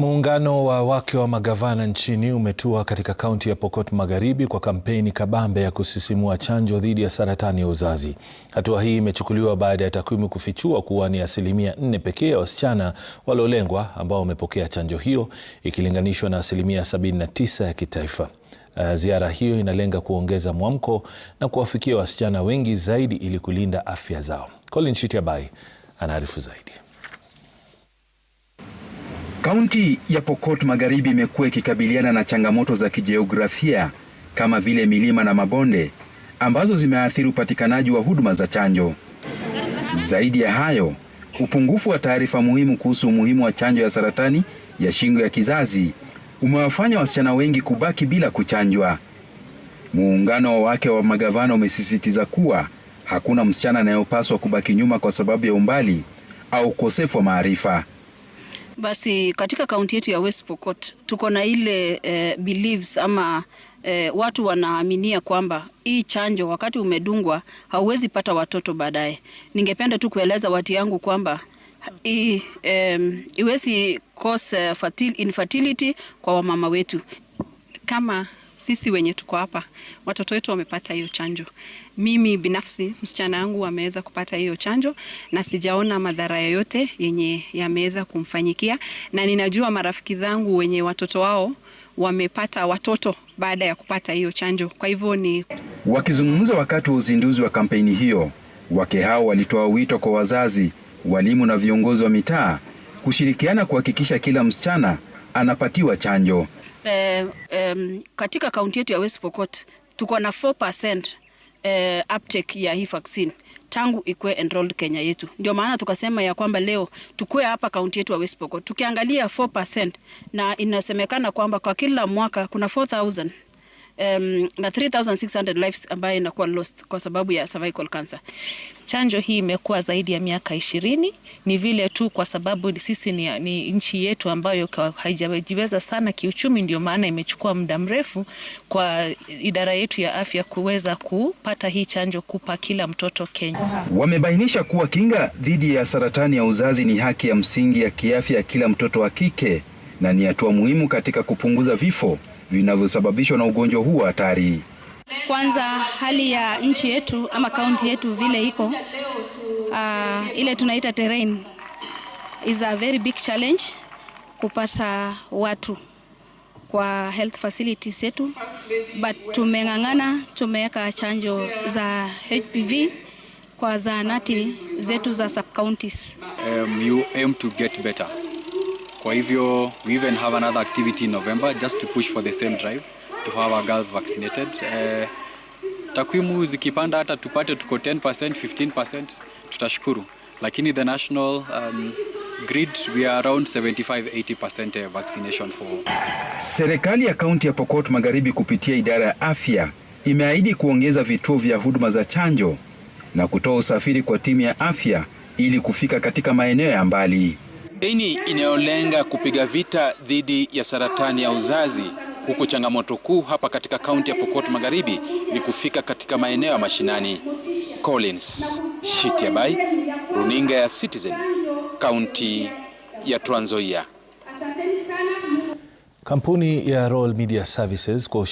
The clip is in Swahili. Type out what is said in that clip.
Muungano wa wake wa magavana nchini umetua katika kaunti ya Pokot Magharibi kwa kampeni kabambe ya kusisimua chanjo dhidi ya saratani ya uzazi. Hatua hii imechukuliwa baada ya takwimu kufichua kuwa ni asilimia nne pekee ya wasichana waliolengwa ambao wamepokea chanjo hiyo ikilinganishwa na asilimia 79 ya kitaifa. Uh, ziara hiyo inalenga kuongeza mwamko na kuwafikia wasichana wengi zaidi ili kulinda afya zao. Colin Shitiabai anaarifu zaidi. Kaunti ya Pokot Magharibi imekuwa ikikabiliana na changamoto za kijiografia kama vile milima na mabonde ambazo zimeathiri upatikanaji wa huduma za chanjo. Zaidi ya hayo, upungufu wa taarifa muhimu kuhusu umuhimu wa chanjo ya saratani ya shingo ya kizazi umewafanya wasichana wengi kubaki bila kuchanjwa. Muungano wa wake wa magavana umesisitiza kuwa hakuna msichana anayopaswa kubaki nyuma kwa sababu ya umbali au ukosefu wa maarifa. Basi katika kaunti yetu ya West Pokot tuko na ile eh, beliefs ama eh, watu wanaaminia kwamba hii chanjo wakati umedungwa hauwezi pata watoto baadaye. Ningependa tu kueleza watu yangu kwamba i, um, iwezi cause eh, infertility kwa wamama wetu kama sisi wenye tuko hapa watoto wetu wamepata hiyo chanjo. Mimi binafsi msichana wangu ameweza kupata hiyo chanjo na sijaona madhara yoyote yenye yameweza kumfanyikia, na ninajua marafiki zangu wenye watoto wao wamepata watoto baada ya kupata hiyo chanjo. Kwa hivyo ni wakizungumza wakati wa uzinduzi wa kampeni hiyo, wake hao walitoa wito kwa wazazi, walimu na viongozi wa mitaa kushirikiana kuhakikisha kila msichana anapatiwa chanjo. Eh, eh, katika kaunti yetu ya West Pokot tuko na 4% eh, uptake ya hii vaccine tangu ikue enrolled Kenya yetu. Ndio maana tukasema ya kwamba leo tukue hapa kaunti yetu ya West Pokot tukiangalia 4% na inasemekana kwamba kwa kila mwaka kuna 4000 um, na 3600 lives ambayo inakuwa lost kwa sababu ya cervical cancer. Chanjo hii imekuwa zaidi ya miaka ishirini. Ni vile tu kwa sababu sisi ni, ni nchi yetu ambayo haijajiweza sana kiuchumi, ndio maana imechukua muda mrefu kwa idara yetu ya afya kuweza kupata hii chanjo kupa kila mtoto Kenya. Wamebainisha kuwa kinga dhidi ya saratani ya uzazi ni haki ya msingi ya kiafya ya kila mtoto wa kike na ni hatua muhimu katika kupunguza vifo vinavyosababishwa na ugonjwa huu hatari. Kwanza hali ya nchi yetu ama kaunti yetu vile iko uh, ile tunaita terrain is a very big challenge kupata watu kwa health facilities yetu, but tumeng'ang'ana, tumeweka chanjo za HPV kwa zahanati zetu za sub counties. Um, you aim to get better. Kwa hivyo we even have another activity in November just to push for the same drive to have our girls vaccinated. Eh, takwimu zikipanda hata tupate tuko 10%, 15% tutashukuru, lakini the national um, grid we are around 75-80% eh, vaccination for. Serikali ya kaunti ya Pokot Magharibi kupitia idara ya afya imeahidi kuongeza vituo vya huduma za chanjo na kutoa usafiri kwa timu ya afya ili kufika katika maeneo ya mbali. Kampeni inayolenga kupiga vita dhidi ya saratani ya uzazi huku changamoto kuu hapa katika kaunti ya Pokot Magharibi ni kufika katika maeneo ya mashinani. Collins Shitiabai, Runinga ya Citizen, kaunti ya Trans Nzoia. Kampuni ya Royal Media Services kwa